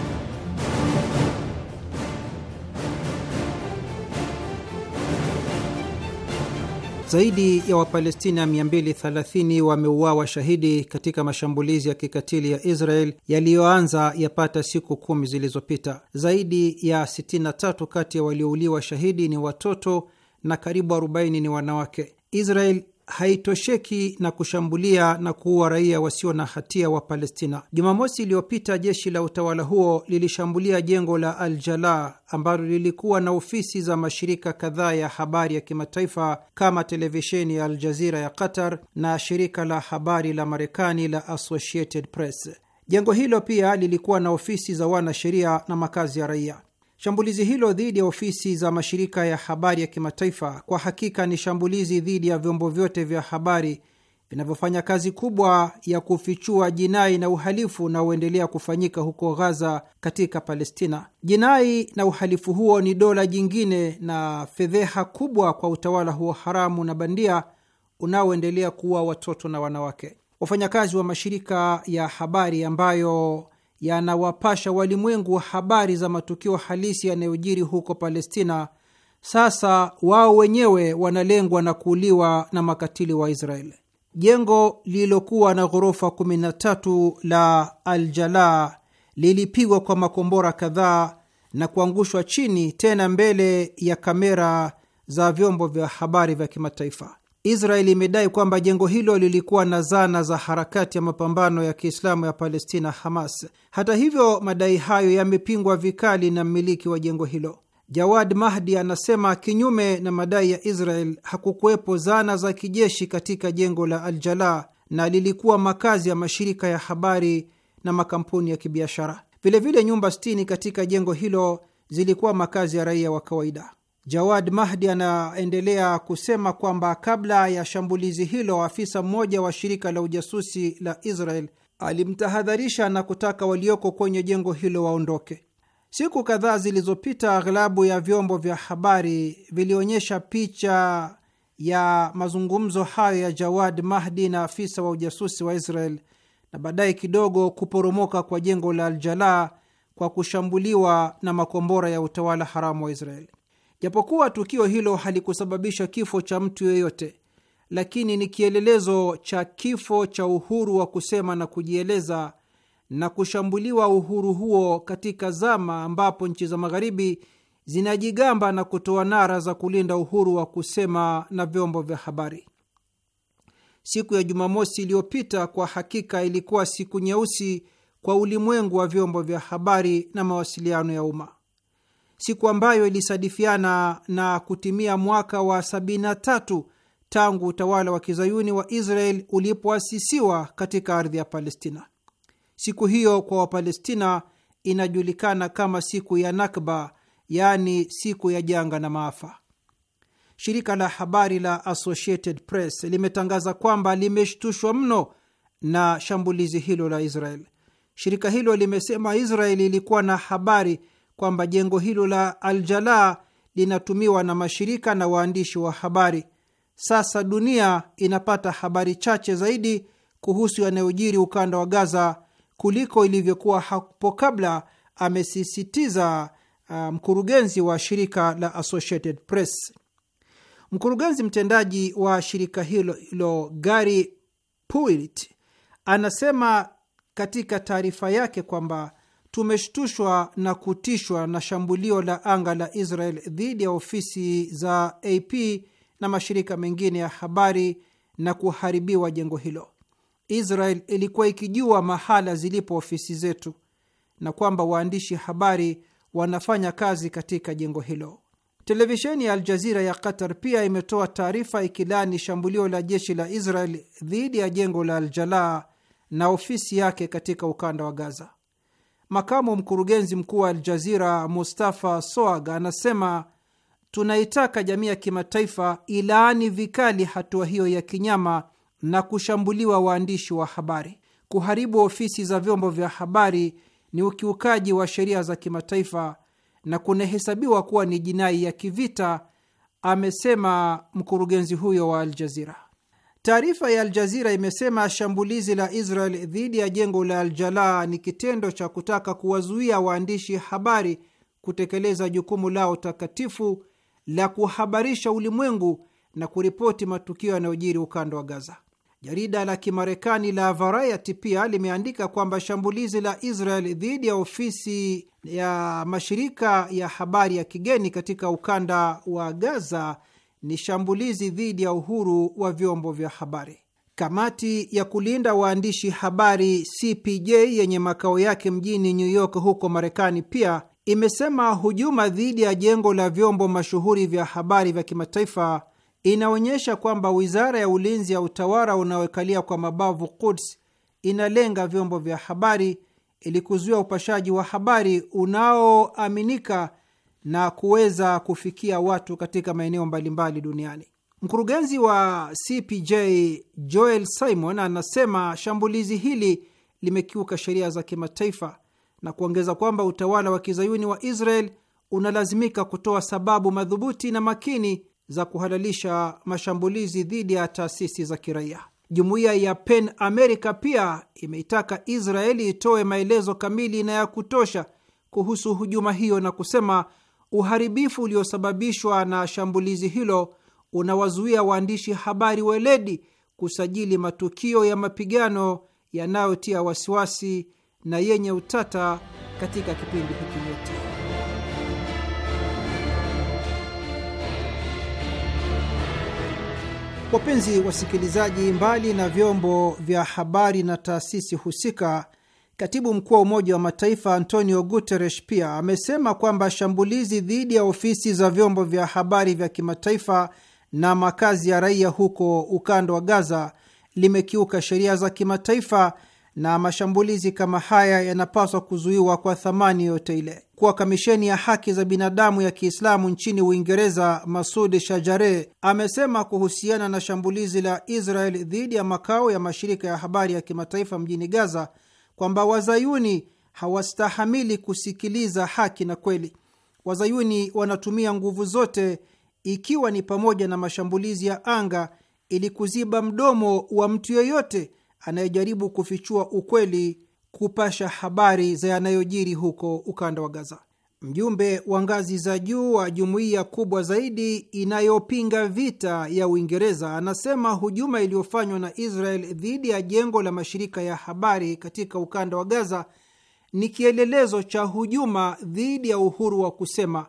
Zaidi ya Wapalestina 230 wameuawa shahidi katika mashambulizi ya kikatili ya Israel yaliyoanza yapata siku kumi zilizopita. Zaidi ya 63 kati ya waliouliwa shahidi ni watoto na karibu 40 ni wanawake. Israel haitosheki na kushambulia na kuua raia wasio na hatia wa Palestina. Jumamosi iliyopita jeshi la utawala huo lilishambulia jengo la Al Jala ambalo lilikuwa na ofisi za mashirika kadhaa ya habari ya kimataifa kama televisheni ya Al Jazira ya Qatar na shirika la habari la Marekani la Associated Press. Jengo hilo pia lilikuwa na ofisi za wanasheria na makazi ya raia. Shambulizi hilo dhidi ya ofisi za mashirika ya habari ya kimataifa kwa hakika ni shambulizi dhidi ya vyombo vyote vya habari vinavyofanya kazi kubwa ya kufichua jinai na uhalifu unaoendelea kufanyika huko Ghaza katika Palestina. Jinai na uhalifu huo ni dola jingine na fedheha kubwa kwa utawala huo haramu na bandia unaoendelea kuua watoto na wanawake. Wafanyakazi wa mashirika ya habari ambayo yanawapasha walimwengu habari za matukio halisi yanayojiri huko Palestina, sasa wao wenyewe wanalengwa na kuuliwa na makatili wa Israeli. Jengo lililokuwa na ghorofa 13 la Aljalaa lilipigwa kwa makombora kadhaa na kuangushwa chini, tena mbele ya kamera za vyombo vya habari vya kimataifa israel imedai kwamba jengo hilo lilikuwa na zana za harakati ya mapambano ya Kiislamu ya Palestina, Hamas. Hata hivyo, madai hayo yamepingwa vikali na mmiliki wa jengo hilo. Jawad Mahdi anasema kinyume na madai ya Israel, hakukuwepo zana za kijeshi katika jengo la al na lilikuwa makazi ya mashirika ya habari na makampuni ya kibiashara. Vilevile, nyumba sitini katika jengo hilo zilikuwa makazi ya raia wa kawaida. Jawad Mahdi anaendelea kusema kwamba kabla ya shambulizi hilo, afisa mmoja wa shirika la ujasusi la Israel alimtahadharisha na kutaka walioko kwenye jengo hilo waondoke. Siku kadhaa zilizopita, aghlabu ya vyombo vya habari vilionyesha picha ya mazungumzo hayo ya Jawad Mahdi na afisa wa ujasusi wa Israel na baadaye kidogo kuporomoka kwa jengo la Aljalaa kwa kushambuliwa na makombora ya utawala haramu wa Israeli. Japokuwa tukio hilo halikusababisha kifo cha mtu yeyote, lakini ni kielelezo cha kifo cha uhuru wa kusema na kujieleza na kushambuliwa uhuru huo katika zama ambapo nchi za Magharibi zinajigamba na kutoa nara za kulinda uhuru wa kusema na vyombo vya habari. Siku ya Jumamosi iliyopita kwa hakika ilikuwa siku nyeusi kwa ulimwengu wa vyombo vya habari na mawasiliano ya umma siku ambayo ilisadifiana na kutimia mwaka wa 73 tangu utawala wa kizayuni wa Israel ulipoasisiwa katika ardhi ya Palestina. Siku hiyo kwa Wapalestina inajulikana kama siku ya Nakba, yaani siku ya janga na maafa. Shirika la habari la Associated Press limetangaza kwamba limeshtushwa mno na shambulizi hilo la Israel. Shirika hilo limesema Israel ilikuwa na habari kwamba jengo hilo la Aljalaa linatumiwa na mashirika na waandishi wa habari. Sasa dunia inapata habari chache zaidi kuhusu yanayojiri ukanda wa Gaza kuliko ilivyokuwa hapo kabla, amesisitiza uh, mkurugenzi wa shirika la Associated Press. Mkurugenzi mtendaji wa shirika hilo hilo Gary Pruitt anasema katika taarifa yake kwamba tumeshtushwa na kutishwa na shambulio la anga la Israel dhidi ya ofisi za AP na mashirika mengine ya habari na kuharibiwa jengo hilo. Israel ilikuwa ikijua mahala zilipo ofisi zetu na kwamba waandishi habari wanafanya kazi katika jengo hilo. Televisheni ya Aljazira ya Qatar pia imetoa taarifa ikilani shambulio la jeshi la Israel dhidi ya jengo la Aljalaa na ofisi yake katika ukanda wa Gaza. Makamu mkurugenzi mkuu wa Aljazira Mustafa Soag anasema tunaitaka jamii ya kimataifa ilaani vikali hatua hiyo ya kinyama na kushambuliwa waandishi wa habari. Kuharibu ofisi za vyombo vya habari ni ukiukaji wa sheria za kimataifa na kunahesabiwa kuwa ni jinai ya kivita, amesema mkurugenzi huyo wa Aljazira. Taarifa ya Aljazira imesema shambulizi la Israel dhidi ya jengo la Aljalaa ni kitendo cha kutaka kuwazuia waandishi habari kutekeleza jukumu lao takatifu la kuhabarisha ulimwengu na kuripoti matukio yanayojiri ukanda wa Gaza. Jarida la Kimarekani la Variety pia limeandika kwamba shambulizi la Israel dhidi ya ofisi ya mashirika ya habari ya kigeni katika ukanda wa Gaza ni shambulizi dhidi ya uhuru wa vyombo vya habari. Kamati ya kulinda waandishi habari CPJ yenye makao yake mjini New York huko Marekani pia imesema hujuma dhidi ya jengo la vyombo mashuhuri vya habari vya kimataifa inaonyesha kwamba wizara ya ulinzi ya utawala unaoekalia kwa mabavu Quds inalenga vyombo vya habari ili kuzuia upashaji wa habari unaoaminika na kuweza kufikia watu katika maeneo mbalimbali duniani. Mkurugenzi wa CPJ Joel Simon anasema shambulizi hili limekiuka sheria za kimataifa na kuongeza kwamba utawala wa kizayuni wa Israel unalazimika kutoa sababu madhubuti na makini za kuhalalisha mashambulizi dhidi ya taasisi za kiraia. Jumuiya ya PEN America pia imeitaka Israeli itoe maelezo kamili na ya kutosha kuhusu hujuma hiyo na kusema uharibifu uliosababishwa na shambulizi hilo unawazuia waandishi habari weledi kusajili matukio ya mapigano yanayotia wasiwasi na yenye utata katika kipindi hiki nyeti. Wapenzi wasikilizaji, mbali na vyombo vya habari na taasisi husika Katibu mkuu wa Umoja wa Mataifa Antonio Guterres pia amesema kwamba shambulizi dhidi ya ofisi za vyombo vya habari vya kimataifa na makazi ya raia huko ukanda wa Gaza limekiuka sheria za kimataifa na mashambulizi kama haya yanapaswa kuzuiwa kwa thamani yoyote ile. Kuwa kamisheni ya haki za binadamu ya Kiislamu nchini Uingereza, Masud Shajare amesema kuhusiana na shambulizi la Israel dhidi ya makao ya mashirika ya habari ya kimataifa mjini Gaza kwamba wazayuni hawastahamili kusikiliza haki na kweli. Wazayuni wanatumia nguvu zote, ikiwa ni pamoja na mashambulizi ya anga, ili kuziba mdomo wa mtu yeyote anayejaribu kufichua ukweli, kupasha habari za yanayojiri huko ukanda wa Gaza mjumbe wa ngazi za juu wa jumuiya kubwa zaidi inayopinga vita ya Uingereza anasema hujuma iliyofanywa na Israel dhidi ya jengo la mashirika ya habari katika ukanda wa Gaza ni kielelezo cha hujuma dhidi ya uhuru wa kusema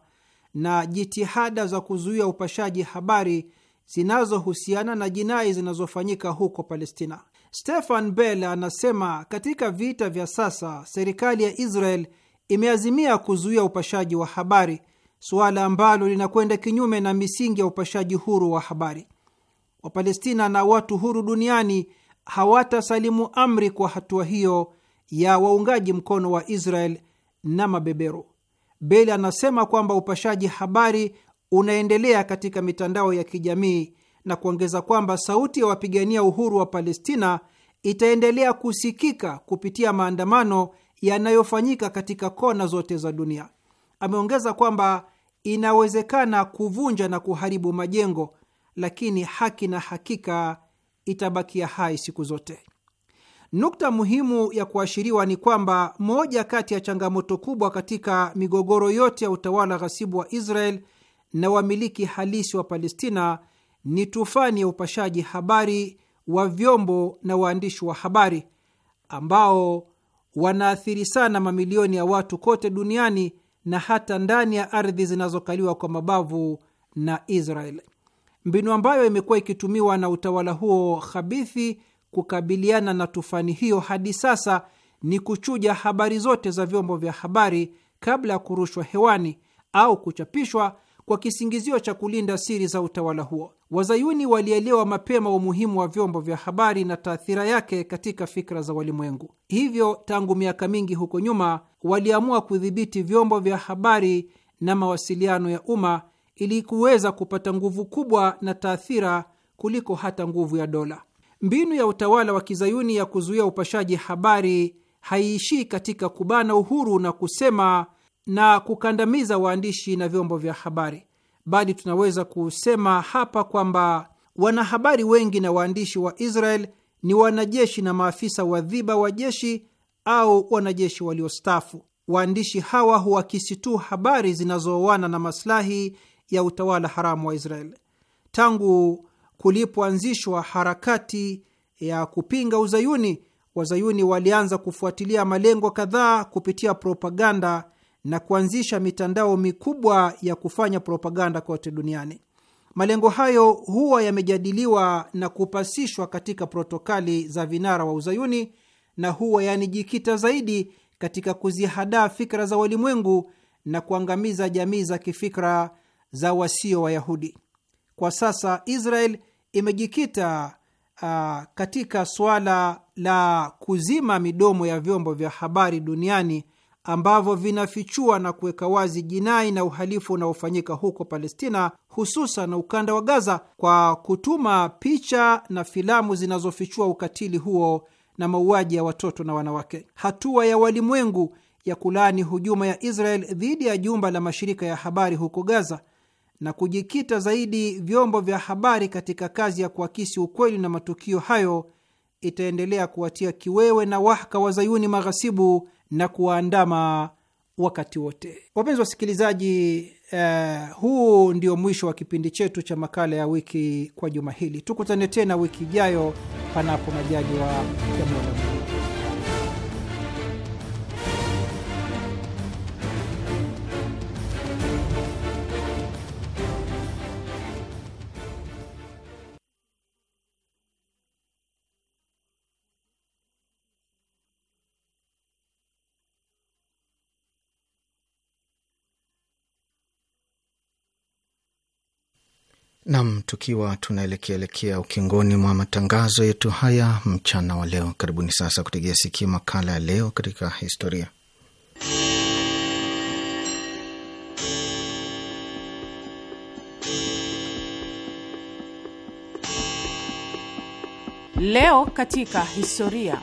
na jitihada za kuzuia upashaji habari zinazohusiana na jinai zinazofanyika huko Palestina. Stefan Bell anasema katika vita vya sasa serikali ya Israel imeazimia kuzuia upashaji wa habari, suala ambalo linakwenda kinyume na misingi ya upashaji huru wa habari. Wapalestina na watu huru duniani hawatasalimu amri kwa hatua hiyo ya waungaji mkono wa Israel na mabeberu. bel anasema kwamba upashaji habari unaendelea katika mitandao ya kijamii na kuongeza kwamba sauti ya wapigania uhuru wa Palestina itaendelea kusikika kupitia maandamano yanayofanyika katika kona zote za dunia. Ameongeza kwamba inawezekana kuvunja na kuharibu majengo, lakini haki na hakika itabakia hai siku zote. Nukta muhimu ya kuashiriwa ni kwamba moja kati ya changamoto kubwa katika migogoro yote ya utawala ghasibu wa Israel na wamiliki halisi wa Palestina ni tufani ya upashaji habari wa vyombo na waandishi wa habari ambao wanaathiri sana mamilioni ya watu kote duniani na hata ndani ya ardhi zinazokaliwa kwa mabavu na Israel, mbinu ambayo imekuwa ikitumiwa na utawala huo khabithi kukabiliana na tufani hiyo hadi sasa ni kuchuja habari zote za vyombo vya habari kabla ya kurushwa hewani au kuchapishwa kwa kisingizio cha kulinda siri za utawala huo. Wazayuni walielewa mapema umuhimu wa vyombo vya habari na taathira yake katika fikra za walimwengu. Hivyo tangu miaka mingi huko nyuma waliamua kudhibiti vyombo vya habari na mawasiliano ya umma ili kuweza kupata nguvu kubwa na taathira kuliko hata nguvu ya dola. Mbinu ya utawala wa kizayuni ya kuzuia upashaji habari haiishii katika kubana uhuru na kusema na kukandamiza waandishi na vyombo vya habari, bali tunaweza kusema hapa kwamba wanahabari wengi na waandishi wa Israel ni wanajeshi na maafisa wa dhiba wa jeshi au wanajeshi waliostaafu. Waandishi hawa huakisi tu habari zinazooana na maslahi ya utawala haramu wa Israel. Tangu kulipoanzishwa harakati ya kupinga uzayuni, wazayuni walianza kufuatilia malengo kadhaa kupitia propaganda na kuanzisha mitandao mikubwa ya kufanya propaganda kote duniani. Malengo hayo huwa yamejadiliwa na kupasishwa katika protokali za vinara wa Uzayuni na huwa yanijikita zaidi katika kuzihadaa fikra za walimwengu na kuangamiza jamii za kifikra za wasio Wayahudi. Kwa sasa Israel imejikita uh, katika suala la kuzima midomo ya vyombo vya habari duniani ambavyo vinafichua na kuweka wazi jinai na uhalifu unaofanyika huko Palestina, hususan ukanda wa Gaza, kwa kutuma picha na filamu zinazofichua ukatili huo na mauaji ya watoto na wanawake. Hatua ya walimwengu ya kulaani hujuma ya Israel dhidi ya jumba la mashirika ya habari huko Gaza na kujikita zaidi vyombo vya habari katika kazi ya kuakisi ukweli na matukio hayo itaendelea kuwatia kiwewe na wahaka wazayuni maghasibu na kuwaandama wakati wote. Wapenzi wasikilizaji, eh, huu ndio mwisho wa kipindi chetu cha makala ya wiki kwa juma hili. Tukutane tena wiki ijayo, panapo majaji wa Mola. Nam, tukiwa tunaelekeaelekea ukingoni mwa matangazo yetu haya mchana wa leo, karibuni sasa kutegea sikio makala ya leo katika historia. Leo katika historia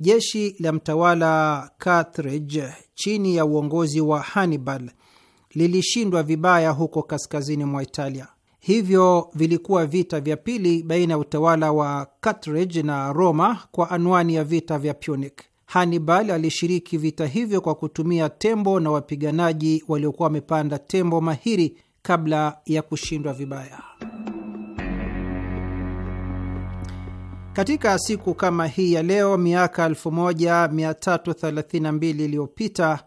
jeshi la mtawala Carthage chini ya uongozi wa Hannibal lilishindwa vibaya huko kaskazini mwa Italia. Hivyo vilikuwa vita vya pili baina ya utawala wa Carthage na Roma kwa anwani ya vita vya Punic. Hannibal alishiriki vita hivyo kwa kutumia tembo na wapiganaji waliokuwa wamepanda tembo mahiri kabla ya kushindwa vibaya. Katika siku kama hii ya leo miaka 1332 iliyopita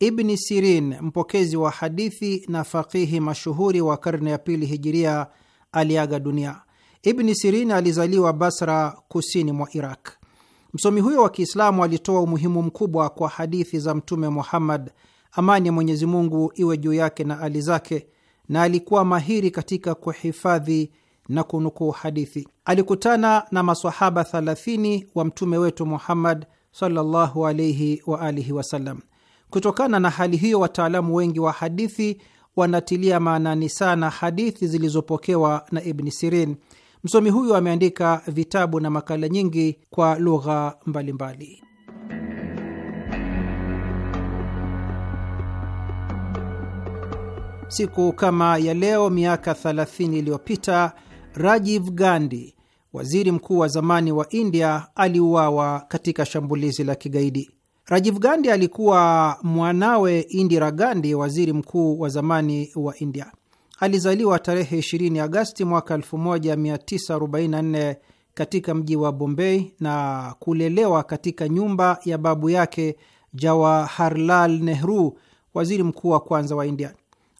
Ibni Sirin, mpokezi wa hadithi na fakihi mashuhuri wa karne ya pili hijiria, aliaga dunia. Ibni Sirin alizaliwa Basra, kusini mwa Iraq. Msomi huyo wa Kiislamu alitoa umuhimu mkubwa kwa hadithi za Mtume Muhammad, amani ya Mwenyezi Mungu iwe juu yake na ali zake, na alikuwa mahiri katika kuhifadhi na kunukuu hadithi. Alikutana na masahaba 30 wa mtume wetu Muhammad sallallahu alayhi wa alihi wasallam. Kutokana na hali hiyo, wataalamu wengi wa hadithi wanatilia maanani sana hadithi zilizopokewa na Ibni Sirin. Msomi huyu ameandika vitabu na makala nyingi kwa lugha mbalimbali. Siku kama ya leo miaka 30 iliyopita Rajiv Gandhi, waziri mkuu wa zamani wa India, aliuawa katika shambulizi la kigaidi. Rajiv Gandhi alikuwa mwanawe Indira Gandhi, waziri mkuu wa zamani wa India. Alizaliwa tarehe 20 Agasti mwaka 1944 katika mji wa Bombay na kulelewa katika nyumba ya babu yake Jawaharlal Nehru, waziri mkuu wa kwanza wa India.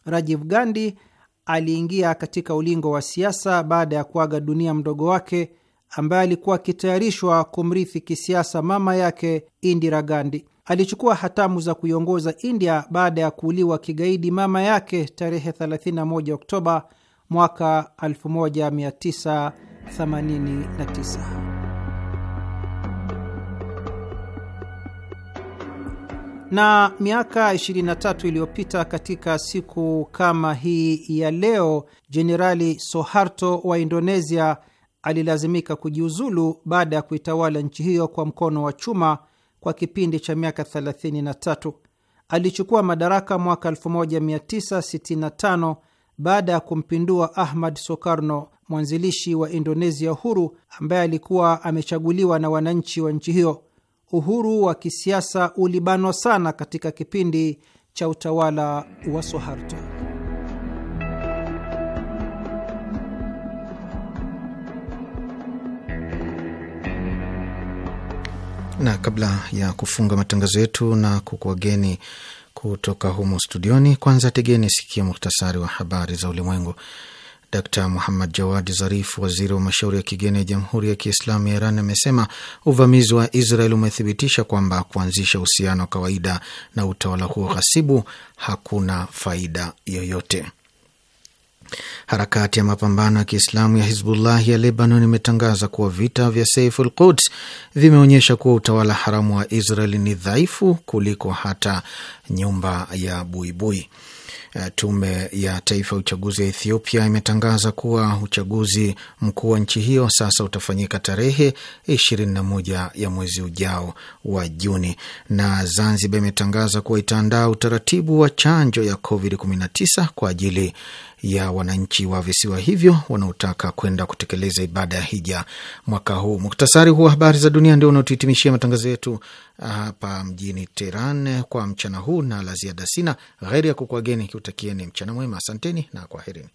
Rajiv Gandhi aliingia katika ulingo wa siasa baada ya kuaga dunia mdogo wake ambaye alikuwa akitayarishwa kumrithi kisiasa mama yake Indira Gandhi. Alichukua hatamu za kuiongoza India baada ya kuuliwa kigaidi mama yake tarehe 31 Oktoba mwaka 1989. na miaka 23 iliyopita katika siku kama hii ya leo, Jenerali Soharto wa Indonesia alilazimika kujiuzulu baada ya kuitawala nchi hiyo kwa mkono wa chuma kwa kipindi cha miaka 33. Alichukua madaraka mwaka 1965 baada ya kumpindua Ahmad sokarno mwanzilishi wa Indonesia huru ambaye alikuwa amechaguliwa na wananchi wa nchi hiyo uhuru wa kisiasa ulibanwa sana katika kipindi cha utawala wa Soharto. Na kabla ya kufunga matangazo yetu na kukuwageni kutoka humo studioni, kwanza tegeni sikia muhtasari wa habari za ulimwengu. Dkt Muhammad jawad Zarif, waziri wa mashauri ya kigeni ya Jamhuri ya Kiislamu ya Iran, amesema uvamizi wa Israel umethibitisha kwamba kuanzisha uhusiano wa kawaida na utawala huo ghasibu hakuna faida yoyote. Harakati ya mapambano ya Kiislamu ya Hizbullah ya Lebanon imetangaza kuwa vita vya Saiful Quds vimeonyesha kuwa utawala haramu wa Israel ni dhaifu kuliko hata nyumba ya buibui bui. Eh, tume ya Taifa ya Uchaguzi ya Ethiopia imetangaza kuwa uchaguzi mkuu wa nchi hiyo sasa utafanyika tarehe 21 ya mwezi ujao wa Juni. Na Zanzibar imetangaza kuwa itaandaa utaratibu wa chanjo ya COVID-19 kwa ajili ya wananchi wa visiwa hivyo wanaotaka kwenda kutekeleza ibada ya hija mwaka huu. Muktasari huu wa habari za dunia ndio unaotuhitimishia matangazo yetu ah, hapa mjini Teheran kwa mchana huu, na la ziada sina ghairi ya kukuageni kiutakieni mchana mwema. Asanteni na kwaherini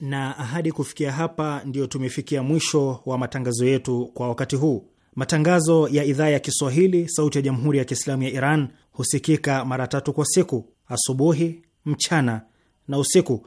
na ahadi. Kufikia hapa, ndio tumefikia mwisho wa matangazo yetu kwa wakati huu. Matangazo ya idhaa ya Kiswahili sauti ya jamhuri ya Kiislamu ya Iran husikika mara tatu kwa siku: asubuhi, mchana na usiku